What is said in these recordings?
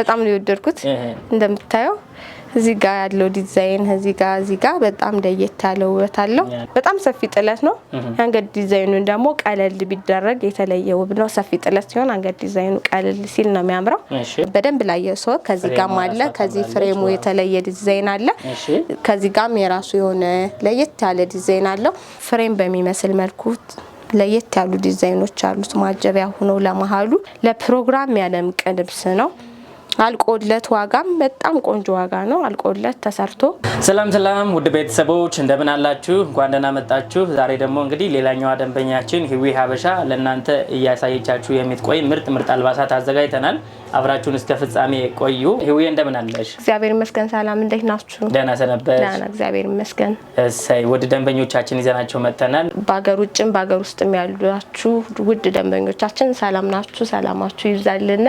በጣም ነው የወደድኩት። እንደምታየው እዚህ ጋር ያለው ዲዛይን እዚህ ጋር እዚህ ጋር በጣም ለየት ያለ ውበት አለው። በጣም ሰፊ ጥለት ነው። የአንገት ዲዛይኑን ደግሞ ቀለል ቢደረግ የተለየ ውብ ነው። ሰፊ ጥለት ሲሆን አንገት ዲዛይኑ ቀለል ሲል ነው የሚያምረው። በደንብ ላየ ሰው ከዚህ ጋም አለ። ከዚህ ፍሬሙ የተለየ ዲዛይን አለ። ከዚህ ጋም የራሱ የሆነ ለየት ያለ ዲዛይን አለው። ፍሬም በሚመስል መልኩ ለየት ያሉ ዲዛይኖች አሉት። ማጀቢያ ሆኖ ለመሀሉ ለፕሮግራም ያለም ቅልብስ ነው አልቆለት ዋጋም በጣም ቆንጆ ዋጋ ነው። አልቆለት ተሰርቶ። ሰላም ሰላም፣ ውድ ቤተሰቦች እንደምን አላችሁ? እንኳን ደህና መጣችሁ። ዛሬ ደግሞ እንግዲህ ሌላኛዋ ደንበኛችን ህዊ ሀበሻ ለእናንተ እያሳየቻችሁ የምትቆይ ምርጥ ምርጥ አልባሳት አዘጋጅተናል። አብራችሁን እስከ ፍጻሜ ቆዩ። ህዌ እንደምን አለሽ? እግዚአብሔር ይመስገን። ሰላም፣ እንዴት ናችሁ? ደህና ሰነበት? ደህና እግዚአብሔር ይመስገን። እሰይ፣ ውድ ደንበኞቻችን ይዘናቸው መጥተናል። በሀገር ውጭም በሀገር ውስጥም ያላችሁ ውድ ደንበኞቻችን ሰላም ናችሁ? ሰላማችሁ ይብዛልን።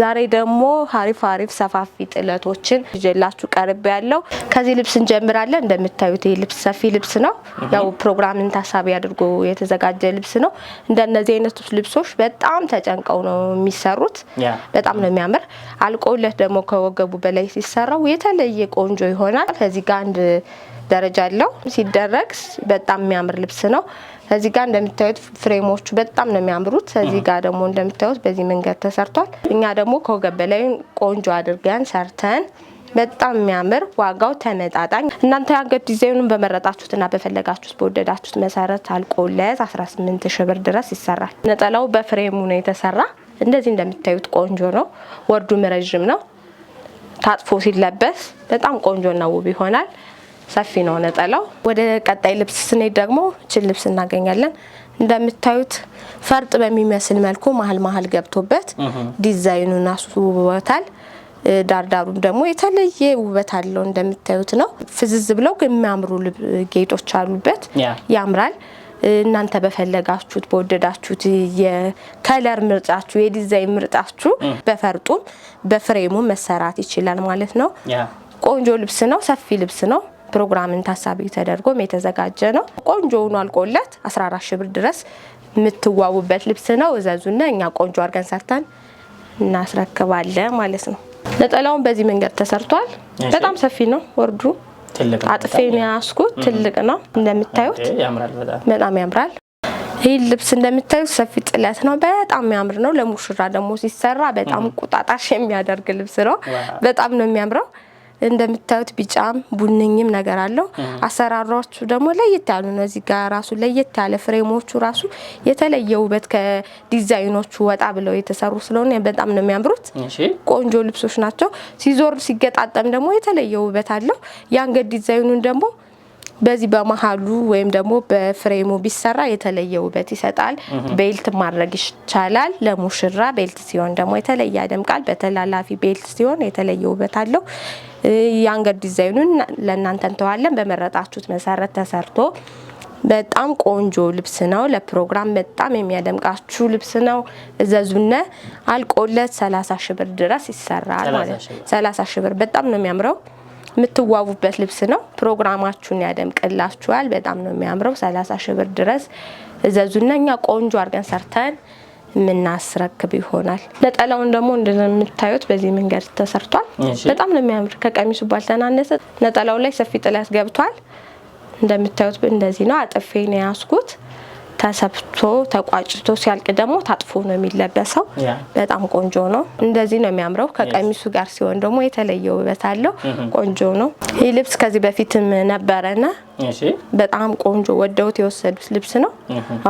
ዛሬ ደግሞ ሀሪፍ አሪፍ ሰፋፊ ጥለቶችን ይዤላችሁ ቀርብ ያለው ከዚህ ልብስ እንጀምራለን። እንደምታዩት ይህ ልብስ ሰፊ ልብስ ነው። ያው ፕሮግራምን ታሳቢ አድርጎ የተዘጋጀ ልብስ ነው። እንደነዚህ አይነቱ ልብሶች በጣም ተጨንቀው ነው የሚሰሩት በጣም ነው የሚያምር። አልቆለት ደግሞ ከወገቡ በላይ ሲሰራው የተለየ ቆንጆ ይሆናል። ከዚህ ጋር አንድ ደረጃ አለው ሲደረግ በጣም የሚያምር ልብስ ነው። እዚህ ጋር እንደምታዩት ፍሬሞቹ በጣም ነው የሚያምሩት። እዚህ ጋር ደግሞ እንደምታዩት በዚህ መንገድ ተሰርቷል። እኛ ደግሞ ከወገብ በላይ ቆንጆ አድርገን ሰርተን በጣም የሚያምር ዋጋው ተመጣጣኝ። እናንተ የአንገት ዲዛይኑን እና በፈለጋችሁት በወደዳችሁት መሰረት አልቆለት 18 ሺህ ብር ድረስ ይሰራል። ነጠላው በፍሬሙ ነው የተሰራ። እንደዚህ እንደምታዩት ቆንጆ ነው። ወርዱም ረዥም ነው። ታጥፎ ሲለበስ በጣም ቆንጆና ውብ ይሆናል። ሰፊ ነው ነጠላው። ወደ ቀጣይ ልብስ ስንሄድ ደግሞ ችን ልብስ እናገኛለን። እንደምታዩት ፈርጥ በሚመስል መልኩ መሀል መሀል ገብቶበት ዲዛይኑን አስውቦታል። ዳርዳሩም ደግሞ የተለየ ውበት አለው እንደምታዩት ነው። ፍዝዝ ብለው የሚያምሩ ጌጦች አሉበት። ያምራል። እናንተ በፈለጋችሁት በወደዳችሁት የከለር ምርጫችሁ የዲዛይን ምርጫችሁ በፈርጡም በፍሬሙ መሰራት ይችላል ማለት ነው። ቆንጆ ልብስ ነው። ሰፊ ልብስ ነው። ፕሮግራምን ታሳቢ ተደርጎም የተዘጋጀ ነው። ቆንጆ ሆኖ አልቆለት 14 ሺህ ብር ድረስ የምትዋቡበት ልብስ ነው። እዘዙና እኛ ቆንጆ አድርገን ሰርተን እናስረክባለን ማለት ነው። ነጠላውን በዚህ መንገድ ተሰርቷል። በጣም ሰፊ ነው ወርዱ አጥፌ ነው ያስኩት። ትልቅ ነው እንደምታዩት፣ በጣም ያምራል። ይህ ልብስ እንደምታዩት ሰፊ ጥለት ነው። በጣም የሚያምር ነው። ለሙሽራ ደግሞ ሲሰራ በጣም ቁጣጣሽ የሚያደርግ ልብስ ነው። በጣም ነው የሚያምረው። እንደምታዩት ቢጫም ቡንኝም ነገር አለው። አሰራሮቹ ደግሞ ለየት ያሉ ነው። እዚህ ጋር ራሱ ለየት ያለ ፍሬሞቹ ራሱ የተለየ ውበት ከዲዛይኖቹ ወጣ ብለው የተሰሩ ስለሆነ በጣም ነው የሚያምሩት። ቆንጆ ልብሶች ናቸው። ሲዞር ሲገጣጠም ደግሞ የተለየ ውበት አለው። የአንገት ዲዛይኑን ደግሞ በዚህ በመሀሉ ወይም ደግሞ በፍሬሙ ቢሰራ የተለየ ውበት ይሰጣል። ቤልት ማድረግ ይቻላል። ለሙሽራ ቤልት ሲሆን ደግሞ የተለየ ያደምቃል። በተላላፊ ቤልት ሲሆን የተለየ ውበት አለው። የአንገት ዲዛይኑን ለእናንተ እንተዋለን። በመረጣችሁት መሰረት ተሰርቶ በጣም ቆንጆ ልብስ ነው። ለፕሮግራም በጣም የሚያደምቃችሁ ልብስ ነው። እዘዙነ አልቆለት 30 ሺህ ብር ድረስ ይሰራል ማለት ነው። ሰላሳ ሺህ ብር በጣም ነው የሚያምረው። የምትዋቡበት ልብስ ነው። ፕሮግራማችሁን ያደምቅላችኋል። በጣም ነው የሚያምረው። 30 ሺህ ብር ድረስ እዘዙነ እኛ ቆንጆ አድርገን ሰርተን የምናስረክብ ይሆናል። ነጠላውን ደግሞ እንደምታዩት በዚህ መንገድ ተሰርቷል። በጣም ነው የሚያምር። ከቀሚሱ ባልተናነሰ ነጠላው ላይ ሰፊ ጥለት ገብቷል። እንደምታዩት እንደዚህ ነው አጥፌ ነው ያስኩት። ተሰብቶ ተቋጭቶ ሲያልቅ ደግሞ ታጥፎ ነው የሚለበሰው። በጣም ቆንጆ ነው። እንደዚህ ነው የሚያምረው። ከቀሚሱ ጋር ሲሆን ደግሞ የተለየ ውበት አለው። ቆንጆ ነው። ይህ ልብስ ከዚህ በፊትም ነበረና በጣም ቆንጆ ወደውት የወሰዱት ልብስ ነው።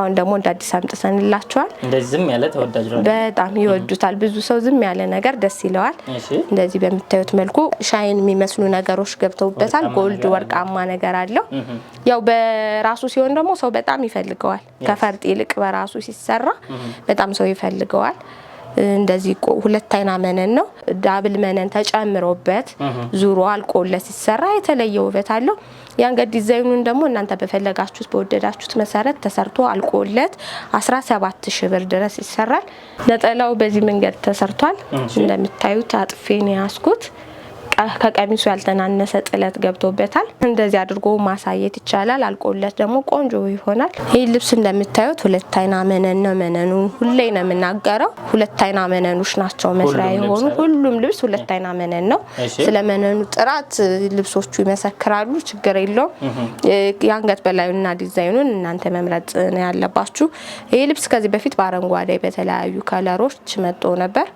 አሁን ደግሞ እንደ አዲስ አምጥሰንላቸዋል። እንደዚህም ያለ ተወዳጅ ነው። በጣም ይወዱታል። ብዙ ሰው ዝም ያለ ነገር ደስ ይለዋል። እንደዚህ በምታዩት መልኩ ሻይን የሚመስሉ ነገሮች ገብተውበታል። ጎልድ ወርቃማ ነገር አለው። ያው በራሱ ሲሆን ደግሞ ሰው በጣም ይፈልገዋል። ከፈርጥ ይልቅ በራሱ ሲሰራ በጣም ሰው ይፈልገዋል። እንደዚህ ሁለት አይና መነን ነው። ዳብል መነን ተጨምሮበት ዙሮ አልቆለት ሲሰራ የተለየ ውበት አለው። የአንገት ዲዛይኑን ደግሞ እናንተ በፈለጋችሁት በወደዳችሁት መሰረት ተሰርቶ አልቆለት 17 ሺህ ብር ድረስ ይሰራል። ነጠላው በዚህ መንገድ ተሰርቷል። እንደምታዩት አጥፌ ነው ያስኩት። ከቀሚሱ ያልተናነሰ ጥለት ገብቶበታል። እንደዚህ አድርጎ ማሳየት ይቻላል። አልቆለት ደግሞ ቆንጆ ይሆናል። ይህ ልብስ እንደምታዩት ሁለት አይና መነን ነው። መነኑ ሁሌ ነው የምናገረው፣ ሁለት አይና መነኖች ናቸው መስሪያ የሆኑ ሁሉም ልብስ ሁለት አይና መነን ነው። ስለ መነኑ ጥራት ልብሶቹ ይመሰክራሉ። ችግር የለውም። የአንገት በላዩና ዲዛይኑን እናንተ መምረጥ ነው ያለባችሁ። ይህ ልብስ ከዚህ በፊት በአረንጓዴ በተለያዩ ከለሮች መጥቶ ነበር።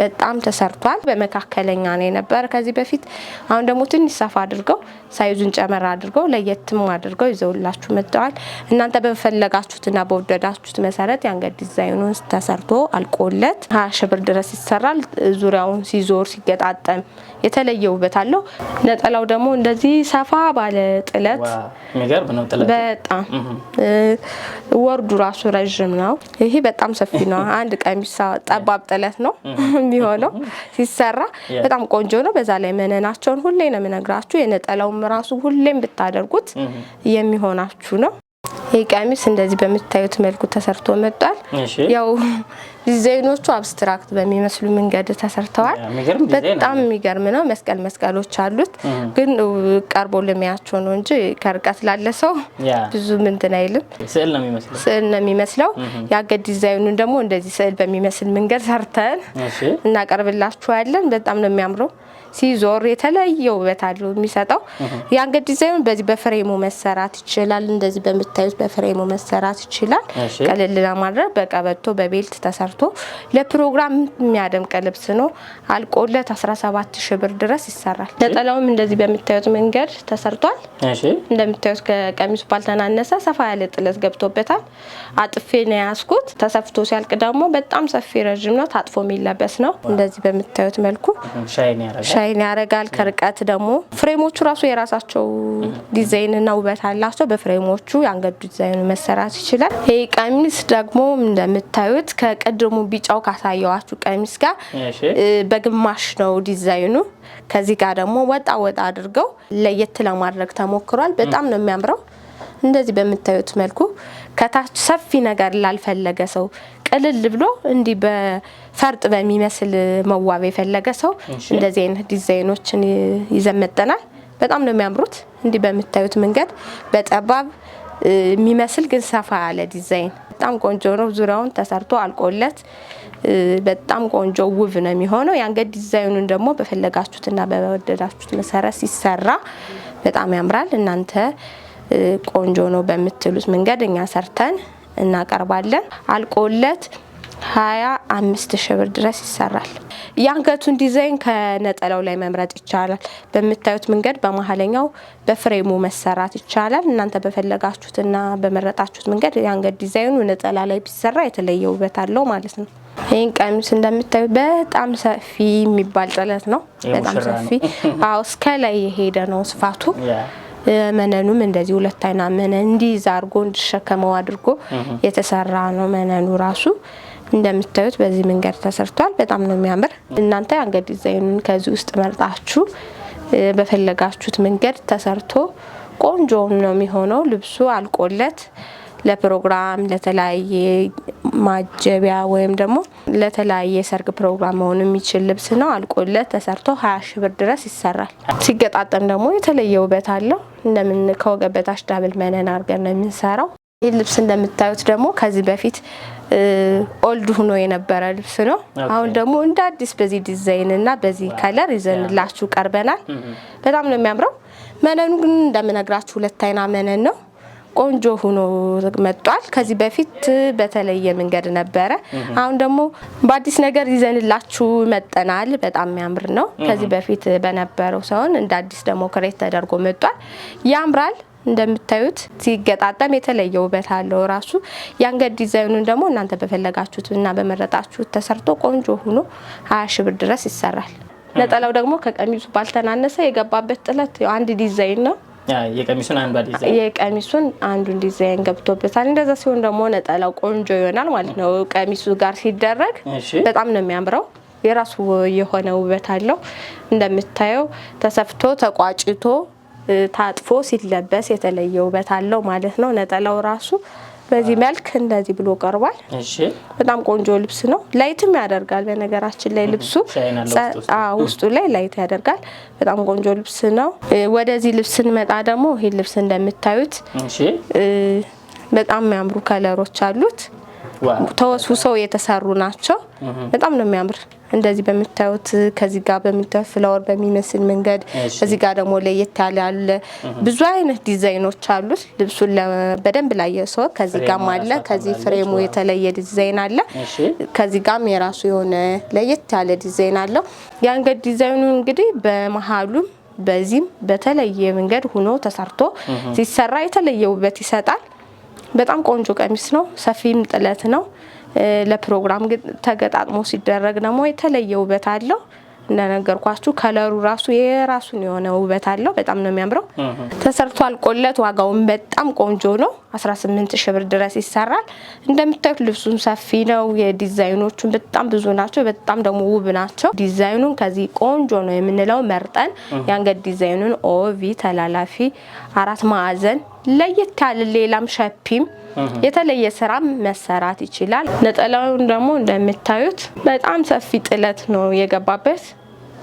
በጣም ተሰርቷል። በመካከለኛ ነው የነበረ ከዚህ በፊት። አሁን ደግሞ ትንሽ ሰፋ አድርገው ሳይዙን ጨመር አድርገው ለየትም አድርገው ይዘውላችሁ መጥተዋል። እናንተ በፈለጋችሁትና በወደዳችሁት መሰረት የአንገት ዲዛይኑን ተሰርቶ አልቆለት ሀያ ሺ ብር ድረስ ይሰራል። ዙሪያውን ሲዞር ሲገጣጠም የተለየ ውበት አለው። ነጠላው ደግሞ እንደዚህ ሰፋ ባለ ጥለት በጣም ወርዱ ራሱ ረዥም ነው። ይሄ በጣም ሰፊ ነው። አንድ ቀሚሳ ጠባብ ጥለት ነው የሚሆነው ሲሰራ በጣም ቆንጆ ነው። በዛ ላይ መነናቸውን ሁሌ ነው የምነግራችሁ። የነጠላውም ራሱ ሁሌም ብታደርጉት የሚሆናችሁ ነው። ይህ ቀሚስ እንደዚህ በምታዩት መልኩ ተሰርቶ መጥቷል። ያው ዲዛይኖቹ አብስትራክት በሚመስሉ መንገድ ተሰርተዋል። በጣም የሚገርም ነው። መስቀል መስቀሎች አሉት፣ ግን ቀርቦ ለሚያቸው ነው እንጂ ከርቀት ላለ ሰው ብዙ ምንትን አይልም። ስዕል ነው የሚመስለው። የአገድ ዲዛይኑን ደግሞ እንደዚህ ስዕል በሚመስል መንገድ ሰርተን እናቀርብላችኋለን። በጣም ነው የሚያምረው። ሲዞር የተለየ ውበት አለው የሚሰጠው። የአንገት ዲዛይኑን በዚህ በፍሬሙ መሰራት ይችላል። እንደዚህ በምታዩት በፍሬሙ መሰራት ይችላል። ቀለል ለማድረግ በቀበቶ በቤልት ተሰርቶ ለፕሮግራም የሚያደምቅ ልብስ ነው። አልቆለት 17 ሺህ ብር ድረስ ይሰራል። ነጠላውም እንደዚህ በምታዩት መንገድ ተሰርቷል። እንደምታዩት ከቀሚሱ ባልተናነሰ ሰፋ ያለ ጥለት ገብቶበታል። አጥፌ ነው ያስኩት። ተሰፍቶ ሲያልቅ ደግሞ በጣም ሰፊ ረዥም ነው። ታጥፎ የሚለበስ ነው። እንደዚህ በምታዩት መልኩ ሻይን ያደርጋል። ከርቀት ደግሞ ፍሬሞቹ ራሱ የራሳቸው ዲዛይንና ውበት አላቸው። በፍሬሞቹ የአንገዱ ዲዛይኑ መሰራት ይችላል። ይህ ቀሚስ ደግሞ እንደምታዩት ከቀድሞ ቢጫው ካሳየዋችሁ ቀሚስ ጋር በግማሽ ነው ዲዛይኑ። ከዚህ ጋር ደግሞ ወጣ ወጣ አድርገው ለየት ለማድረግ ተሞክሯል። በጣም ነው የሚያምረው። እንደዚህ በምታዩት መልኩ ከታች ሰፊ ነገር ላልፈለገ ሰው ቅልል ብሎ እንዲህ በፈርጥ በሚመስል መዋብ የፈለገ ሰው እንደዚህ አይነት ዲዛይኖችን ይዘመጠናል። በጣም ነው የሚያምሩት። እንዲህ በምታዩት መንገድ በጠባብ የሚመስል ግን ሰፋ ያለ ዲዛይን በጣም ቆንጆ ነው። ዙሪያውን ተሰርቶ አልቆለት በጣም ቆንጆ ውብ ነው የሚሆነው። የአንገት ዲዛይኑን ደግሞ በፈለጋችሁትና በወደዳችሁት መሰረት ሲሰራ በጣም ያምራል። እናንተ ቆንጆ ነው በምትሉት መንገድ እኛ ሰርተን እናቀርባለን። አልቆለት 25 ሺህ ብር ድረስ ይሰራል። የአንገቱን ዲዛይን ከነጠላው ላይ መምረጥ ይቻላል። በምታዩት መንገድ በመሀለኛው በፍሬሙ መሰራት ይቻላል። እናንተ በፈለጋችሁትና በመረጣችሁት መንገድ የአንገት ዲዛይኑ ነጠላ ላይ ቢሰራ የተለየ ውበት አለው ማለት ነው። ይህን ቀሚስ እንደምታዩት በጣም ሰፊ የሚባል ጥለት ነው። በጣም ሰፊ እስከ ላይ የሄደ ነው ስፋቱ መነኑም እንደዚህ ሁለት አይና መነን እንዲይዝ አድርጎ እንዲሸከመው አድርጎ የተሰራ ነው። መነኑ ራሱ እንደምታዩት በዚህ መንገድ ተሰርቷል። በጣም ነው የሚያምር። እናንተ የአንገት ዲዛይኑን ከዚህ ውስጥ መርጣችሁ በፈለጋችሁት መንገድ ተሰርቶ ቆንጆም ነው የሚሆነው ልብሱ አልቆለት ለፕሮግራም ለተለያየ ማጀቢያ ወይም ደግሞ ለተለያየ ሰርግ ፕሮግራም መሆኑ የሚችል ልብስ ነው። አልቆለት ተሰርቶ ሀያ ሺ ብር ድረስ ይሰራል። ሲገጣጠም ደግሞ የተለየ ውበት አለው። እንደምን ከወገብ በታች ዳብል መነን አድርገን ነው የምንሰራው። ይህ ልብስ እንደምታዩት ደግሞ ከዚህ በፊት ኦልድ ሁኖ የነበረ ልብስ ነው። አሁን ደግሞ እንደ አዲስ በዚህ ዲዛይን እና በዚህ ከለር ይዘንላችሁ ቀርበናል። በጣም ነው የሚያምረው። መነኑ ግን እንደምነግራችሁ ሁለት አይና መነን ነው። ቆንጆ ሆኖ መጧል። ከዚህ በፊት በተለየ መንገድ ነበረ። አሁን ደግሞ በአዲስ ነገር ይዘንላችሁ መጠናል። በጣም የሚያምር ነው። ከዚህ በፊት በነበረው ሰውን እንደ አዲስ ደግሞ ክሬት ተደርጎ መጧል። ያምራል። እንደምታዩት ሲገጣጠም የተለየ ውበት አለው። ራሱ የአንገት ዲዛይኑን ደግሞ እናንተ በፈለጋችሁት እና በመረጣችሁት ተሰርቶ ቆንጆ ሆኖ ሀያ ሺ ብር ድረስ ይሰራል። ነጠላው ደግሞ ከቀሚሱ ባልተናነሰ የገባበት ጥለት አንድ ዲዛይን ነው። የቀሚሱን አንዷ ዲዛይን የቀሚሱን አንዱን ዲዛይን ገብቶበታል። እንደዛ ሲሆን ደግሞ ነጠላው ቆንጆ ይሆናል ማለት ነው። ቀሚሱ ጋር ሲደረግ በጣም ነው የሚያምረው። የራሱ የሆነ ውበት አለው። እንደምታየው ተሰፍቶ ተቋጭቶ ታጥፎ ሲለበስ የተለየ ውበት አለው ማለት ነው። ነጠላው ራሱ በዚህ መልክ እንደዚህ ብሎ ቀርቧል። በጣም ቆንጆ ልብስ ነው። ላይትም ያደርጋል። በነገራችን ላይ ልብሱ ውስጡ ላይ ላይት ያደርጋል። በጣም ቆንጆ ልብስ ነው። ወደዚህ ልብስ ስንመጣ ደግሞ ይህ ልብስ እንደምታዩት በጣም የሚያምሩ ከለሮች አሉት። ተወስውሰው የተሰሩ ናቸው። በጣም ነው የሚያምር። እንደዚህ በምታዩት ከዚህ ጋር በምታዩት ፍላወር በሚመስል መንገድ እዚህ ጋር ደግሞ ለየት ያለ አለ። ብዙ አይነት ዲዛይኖች አሉት። ልብሱን በደንብ ላየ ሰው ከዚህ ጋርም አለ። ከዚህ ፍሬሙ የተለየ ዲዛይን አለ። ከዚህ ጋም የራሱ የሆነ ለየት ያለ ዲዛይን አለው። የአንገት ዲዛይኑ እንግዲህ በመሀሉም በዚህም በተለየ መንገድ ሆኖ ተሰርቶ ሲሰራ የተለየ ውበት ይሰጣል። በጣም ቆንጆ ቀሚስ ነው። ሰፊም ጥለት ነው። ለፕሮግራም ተገጣጥሞ ሲደረግ ደግሞ የተለየ ውበት አለው። እንደነገርኳችሁ ከለሩ ራሱ የራሱን የሆነ ውበት አለው። በጣም ነው የሚያምረው። ተሰርቶ አልቆለት ዋጋውን በጣም ቆንጆ ነው። 18 ሺህ ብር ድረስ ይሰራል። እንደምታዩት ልብሱም ሰፊ ነው። የዲዛይኖቹን በጣም ብዙ ናቸው። በጣም ደግሞ ውብ ናቸው። ዲዛይኑን ከዚህ ቆንጆ ነው የምንለው መርጠን የአንገት ዲዛይኑን ኦቪ ተላላፊ አራት ማዕዘን ለየት ያለ ሌላም ሸፒም የተለየ ስራ መሰራት ይችላል። ነጠላውን ደግሞ እንደምታዩት በጣም ሰፊ ጥለት ነው የገባበት።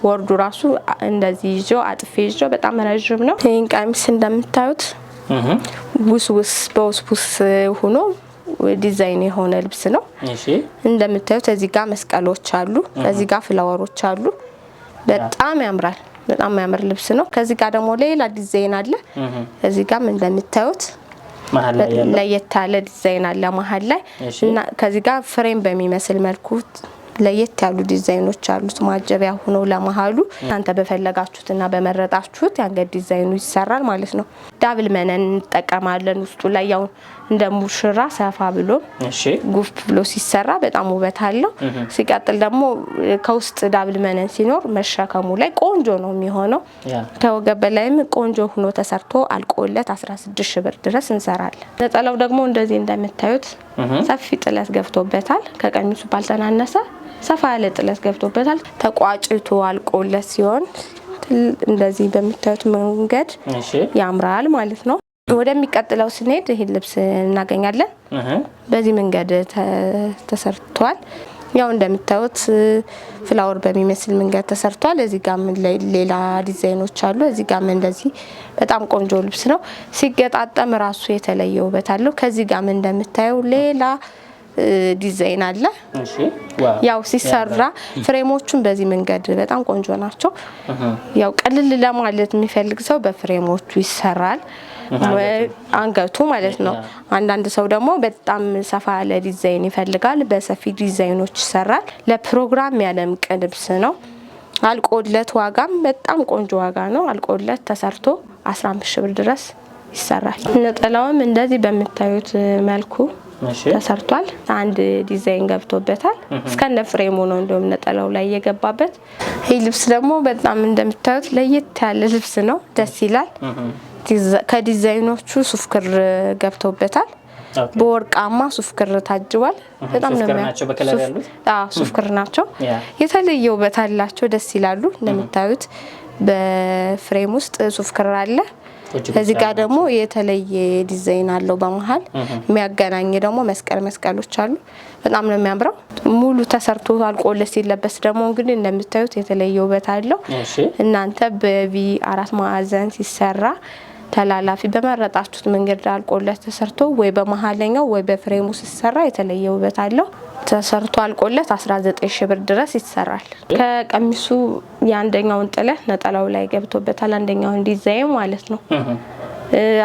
ወርዱ ራሱ እንደዚህ ይዞ አጥፌ ይዞ በጣም ረዥም ነው። ይህን ቀሚስ እንደምታዩት ውስውስ በውስውስ ሆኖ ዲዛይን የሆነ ልብስ ነው። እንደምታዩት እዚህ ጋር መስቀሎች አሉ፣ እዚህ ጋር ፍላወሮች አሉ። በጣም ያምራል። በጣም የሚያምር ልብስ ነው። ከዚህ ጋር ደግሞ ሌላ ዲዛይን አለ። እዚህ ጋር እንደምታዩት ለየት ያለ ዲዛይን አለ መሀል ላይ እና ከዚህ ጋር ፍሬም በሚመስል መልኩ ለየት ያሉ ዲዛይኖች አሉት። ማጀቢያ ሆኖ ለመሀሉ እናንተ እና በመረጣችሁት የአንገት ዲዛይኑ ይሰራል ማለት ነው። ዳብል መነን እንጠቀማለን። ውስጡ ላይ ያው እንደ ሙሽራ ሰፋ ብሎ ጉፍ ብሎ ሲሰራ በጣም ውበት አለው። ሲቀጥል ደግሞ ከውስጥ ዳብል መነን ሲኖር መሸከሙ ላይ ቆንጆ ነው የሚሆነው። ከወገብ በላይም ቆንጆ ሆኖ ተሰርቶ አልቆለት 16 ሺህ ብር ድረስ እንሰራለን። ነጠላው ደግሞ እንደዚህ እንደምታዩት ሰፊ ጥለት ገብቶበታል ከቀሚሱ ባልተናነሰ ሰፋ ያለ ጥለት ገብቶበታል። ተቋጭቶ አልቆለት ሲሆን እንደዚህ በምታዩት መንገድ ያምራል ማለት ነው። ወደሚቀጥለው ስንሄድ ይህን ልብስ እናገኛለን። በዚህ መንገድ ተሰርቷል። ያው እንደምታዩት ፍላወር በሚመስል መንገድ ተሰርቷል። እዚህ ጋም ሌላ ዲዛይኖች አሉ። እዚህ ጋም እንደዚህ በጣም ቆንጆ ልብስ ነው። ሲገጣጠም ራሱ የተለየ ውበት አለው። ከዚህ ጋም እንደምታየው ሌላ ዲዛይን አለ። ያው ሲሰራ ፍሬሞቹን በዚህ መንገድ በጣም ቆንጆ ናቸው። ያው ቀልል ለማለት የሚፈልግ ሰው በፍሬሞቹ ይሰራል አንገቱ ማለት ነው። አንዳንድ ሰው ደግሞ በጣም ሰፋ ያለ ዲዛይን ይፈልጋል፣ በሰፊ ዲዛይኖች ይሰራል። ለፕሮግራም ያለም ቅልብስ ነው። አልቆለት ዋጋም በጣም ቆንጆ ዋጋ ነው። አልቆለት ተሰርቶ 15 ሺህ ብር ድረስ ይሰራል። ነጠላውም እንደዚህ በምታዩት መልኩ ተሰርቷል። አንድ ዲዛይን ገብቶበታል። እስከነ ፍሬሙ ነው እንደውም ነጠላው ላይ የገባበት። ይህ ልብስ ደግሞ በጣም እንደምታዩት ለየት ያለ ልብስ ነው፣ ደስ ይላል። ከዲዛይኖቹ ሱፍ ክር ገብቶበታል። በወርቃማ ሱፍ ክር ታጅቧል። በጣም ነው ሱፍ ክር ናቸው። የተለየ ውበት አላቸው፣ ደስ ይላሉ። እንደምታዩት በፍሬም ውስጥ ሱፍ ክር አለ። እዚህ ጋር ደግሞ የተለየ ዲዛይን አለው። በመሀል የሚያገናኝ ደግሞ መስቀል መስቀሎች አሉ። በጣም ነው የሚያምረው። ሙሉ ተሰርቶ አልቆለት ሲለበስ ደግሞ እንግዲህ እንደምታዩት የተለየ ውበት አለው። እናንተ በቪ አራት ማዕዘን ሲሰራ ተላላፊ በመረጣችሁት መንገድ አልቆለት ተሰርቶ ወይ በመሀለኛው ወይ በፍሬሙ ሲሰራ የተለየ ውበት አለው። ተሰርቶ አልቆለት 19 ሺ ብር ድረስ ይሰራል። ከቀሚሱ የአንደኛውን ጥለት ነጠላው ላይ ገብቶበታል። አንደኛውን ዲዛይን ማለት ነው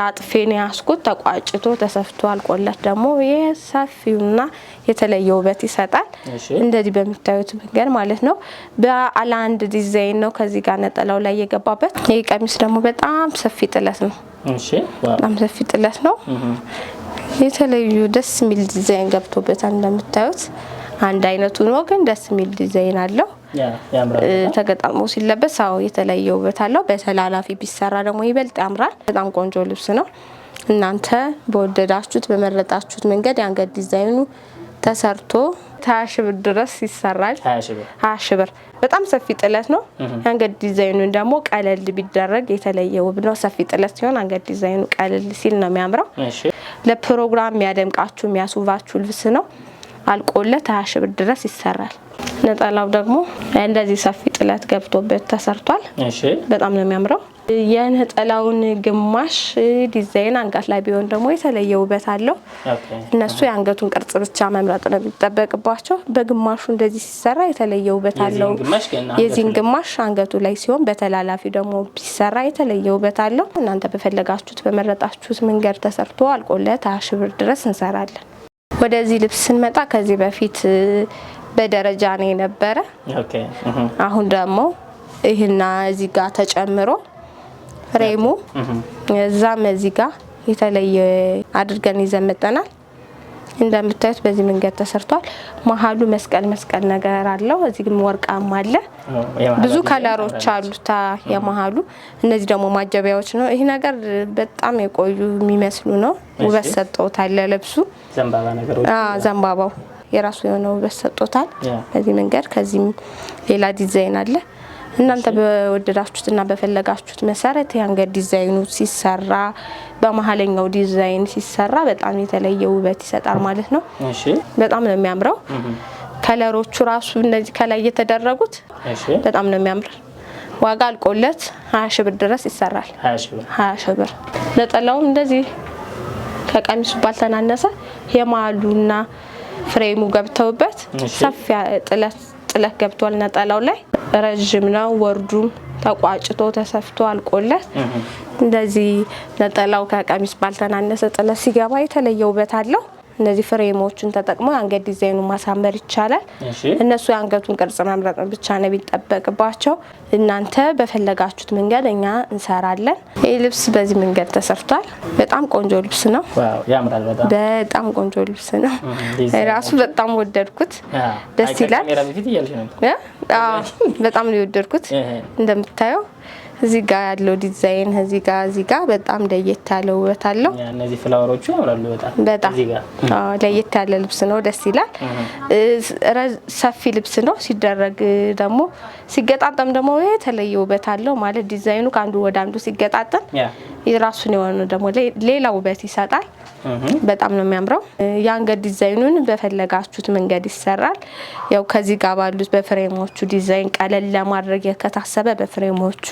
አጥፌን ያስኩት ተቋጭቶ ተሰፍቶ አልቆለት ደግሞ ሰፊውና የተለየ ውበት ይሰጣል። እንደዚህ በሚታዩት መንገድ ማለት ነው። ባለአንድ ዲዛይን ነው ከዚህ ጋር ነጠላው ላይ የገባበት። ይህ ቀሚስ ደግሞ በጣም ሰፊ ጥለት ነው። በጣም ሰፊ ጥለት ነው። የተለዩ ደስ የሚል ዲዛይን ገብቶበታል። እንደምታዩት አንድ አይነቱ ነው፣ ግን ደስ የሚል ዲዛይን አለው። ተገጣሞ ሲለበስ አዎ የተለየ ውበት አለው። በተላላፊ ቢሰራ ደግሞ ይበልጥ ያምራል። በጣም ቆንጆ ልብስ ነው። እናንተ በወደዳችሁት በመረጣችሁት መንገድ የአንገት ዲዛይኑ ተሰርቶ ሀያ ብር ድረስ ይሰራል። ሀያ ብር በጣም ሰፊ ጥለት ነው። የአንገት ዲዛይኑን ደግሞ ቀለል ቢደረግ የተለየ ውብ ነው። ሰፊ ጥለት ሲሆን አንገት ዲዛይኑ ቀለል ሲል ነው የሚያምረው። ለፕሮግራም የሚያደምቃችሁ የሚያስውባችሁ ልብስ ነው። አልቆለት ሀያ ብር ድረስ ይሰራል። ነጠላው ደግሞ እንደዚህ ሰፊ ጥለት ገብቶበት ተሰርቷል። በጣም ነው የሚያምረው። የነጠላውን ግማሽ ዲዛይን አንገት ላይ ቢሆን ደግሞ የተለየ ውበት አለው። እነሱ የአንገቱን ቅርጽ ብቻ መምረጥ ነው የሚጠበቅባቸው። በግማሹ እንደዚህ ሲሰራ የተለየ ውበት አለው። የዚህን ግማሽ አንገቱ ላይ ሲሆን፣ በተላላፊ ደግሞ ሲሰራ የተለየ ውበት አለው። እናንተ በፈለጋችሁት በመረጣችሁት መንገድ ተሰርቶ አልቆለት ሀያ ሺ ብር ድረስ እንሰራለን። ወደዚህ ልብስ ስንመጣ ከዚህ በፊት በደረጃ ነው የነበረ። አሁን ደግሞ ይህና እዚህ ጋር ተጨምሮ ፍሬሙ እዛም እዚህ ጋር የተለየ አድርገን ይዘን መጠናል። እንደምታዩት በዚህ መንገድ ተሰርቷል። መሀሉ መስቀል መስቀል ነገር አለው። እዚህ ግን ወርቃማ አለ። ብዙ ከለሮች አሉታ የመሀሉ። እነዚህ ደግሞ ማጀቢያዎች ነው። ይህ ነገር በጣም የቆዩ የሚመስሉ ነው። ውበት ሰጠውታል ለልብሱ ዘንባባው የራሱ የሆነ ውበት ሰጥቶታል። በዚህ መንገድ ከዚህም ሌላ ዲዛይን አለ። እናንተ በወደዳችሁት እና በፈለጋችሁት መሰረት የአንገት ዲዛይኑ ሲሰራ በመሀለኛው ዲዛይን ሲሰራ በጣም የተለየ ውበት ይሰጣል ማለት ነው። በጣም ነው የሚያምረው። ከለሮቹ ራሱ እነዚህ ከላይ የተደረጉት በጣም ነው የሚያምር። ዋጋ አልቆለት ሀያ ሽብር ብር ድረስ ይሰራል። ሀያ ሺህ ብር ነጠላውም እንደዚህ ከቀሚሱ ባልተናነሰ የማሉና ፍሬሙ ገብተውበት ሰፊ ጥለት ጥለት ገብቷል። ነጠላው ላይ ረዥም ነው። ወርዱም ተቋጭቶ ተሰፍቶ አልቆለት እንደዚህ ነጠላው ከቀሚስ ባልተናነሰ ጥለት ሲገባ የተለየ ውበት አለው። እነዚህ ፍሬሞችን ተጠቅሞ የአንገት ዲዛይኑ ማሳመር ይቻላል። እነሱ የአንገቱን ቅርጽ መምረጥ ብቻ ነው የሚጠበቅባቸው። እናንተ በፈለጋችሁት መንገድ እኛ እንሰራለን። ይህ ልብስ በዚህ መንገድ ተሰርቷል። በጣም ቆንጆ ልብስ ነው። በጣም ቆንጆ ልብስ ነው። ራሱ በጣም ወደድኩት። ደስ ይላል። በጣም ነው የወደድኩት እንደምታየው እዚህ ጋር ያለው ዲዛይን እዚህ ጋር እዚህ ጋር በጣም ለየት ያለ ውበት አለው። እነዚህ ፍላወሮቹ ያምራሉ በጣም ለየት ያለ ልብስ ነው፣ ደስ ይላል። ሰፊ ልብስ ነው ሲደረግ ደግሞ ሲገጣጠም ደግሞ የተለየ ውበት አለው ማለት ዲዛይኑ ከአንዱ ወደ አንዱ ሲገጣጠም የራሱን የሆነ ደግሞ ሌላ ውበት ይሰጣል። በጣም ነው የሚያምረው። የአንገት ዲዛይኑን በፈለጋችሁት መንገድ ይሰራል። ያው ከዚህ ጋር ባሉት በፍሬሞቹ ዲዛይን ቀለል ለማድረግ ከታሰበ በፍሬሞቹ፣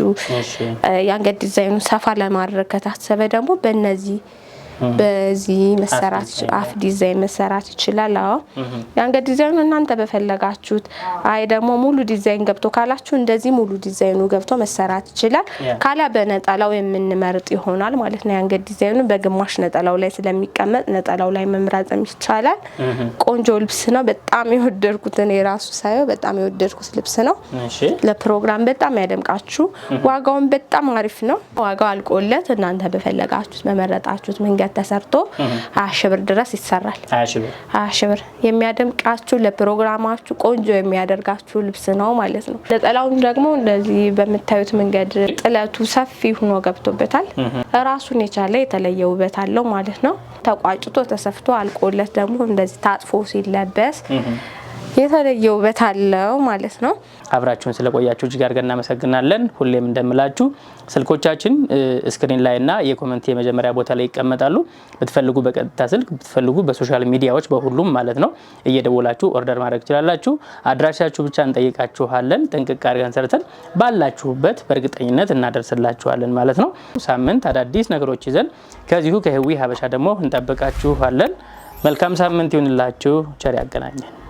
የአንገት ዲዛይኑን ሰፋ ለማድረግ ከታሰበ ደግሞ በእነዚህ በዚህ መሰራት አፍ ዲዛይን መሰራት ይችላል። አዎ የአንገት ዲዛይኑ እናንተ በፈለጋችሁት። አይ ደግሞ ሙሉ ዲዛይን ገብቶ ካላችሁ እንደዚህ ሙሉ ዲዛይኑ ገብቶ መሰራት ይችላል። ካላ በነጠላው የምንመርጥ ይሆናል ማለት ነው። የአንገት ዲዛይኑ በግማሽ ነጠላው ላይ ስለሚቀመጥ ነጠላው ላይ መምረጥም ይቻላል። ቆንጆ ልብስ ነው። በጣም የወደድኩት እኔ ራሱ ሳየው በጣም የወደድኩት ልብስ ነው። ለፕሮግራም በጣም ያደምቃችሁ። ዋጋውን በጣም አሪፍ ነው። ዋጋው አልቆለት እናንተ በፈለጋችሁት በመረጣችሁት መንገድ ጥለት ተሰርቶ ሀያ ሺህ ብር ድረስ ይሰራል። ሀያ ሺህ ብር የሚያደምቃችሁ ለፕሮግራማችሁ ቆንጆ የሚያደርጋችሁ ልብስ ነው ማለት ነው። ነጠላውን ደግሞ እንደዚህ በምታዩት መንገድ ጥለቱ ሰፊ ሆኖ ገብቶበታል። ራሱን የቻለ የተለየ ውበት አለው ማለት ነው። ተቋጭቶ ተሰፍቶ አልቆለት ደግሞ እንደዚህ ታጥፎ ሲለበስ የተለየ ውበት አለው ማለት ነው። አብራችሁን ስለቆያችሁ እጅግ አድርገን እናመሰግናለን። ሁሌም እንደምላችሁ ስልኮቻችን ስክሪን ላይ እና የኮመንት የመጀመሪያ ቦታ ላይ ይቀመጣሉ። ብትፈልጉ በቀጥታ ስልክ ብትፈልጉ በሶሻል ሚዲያዎች በሁሉም ማለት ነው እየደወላችሁ ኦርደር ማድረግ ትችላላችሁ። አድራሻችሁ ብቻ እንጠይቃችኋለን። ጥንቅቅ አድርገን ሰርተን ባላችሁበት በእርግጠኝነት እናደርስላችኋለን ማለት ነው። ሳምንት አዳዲስ ነገሮች ይዘን ከዚሁ ከህዊ ሀበሻ ደግሞ እንጠብቃችኋለን። መልካም ሳምንት ይሁንላችሁ። ቸር ያገናኘን።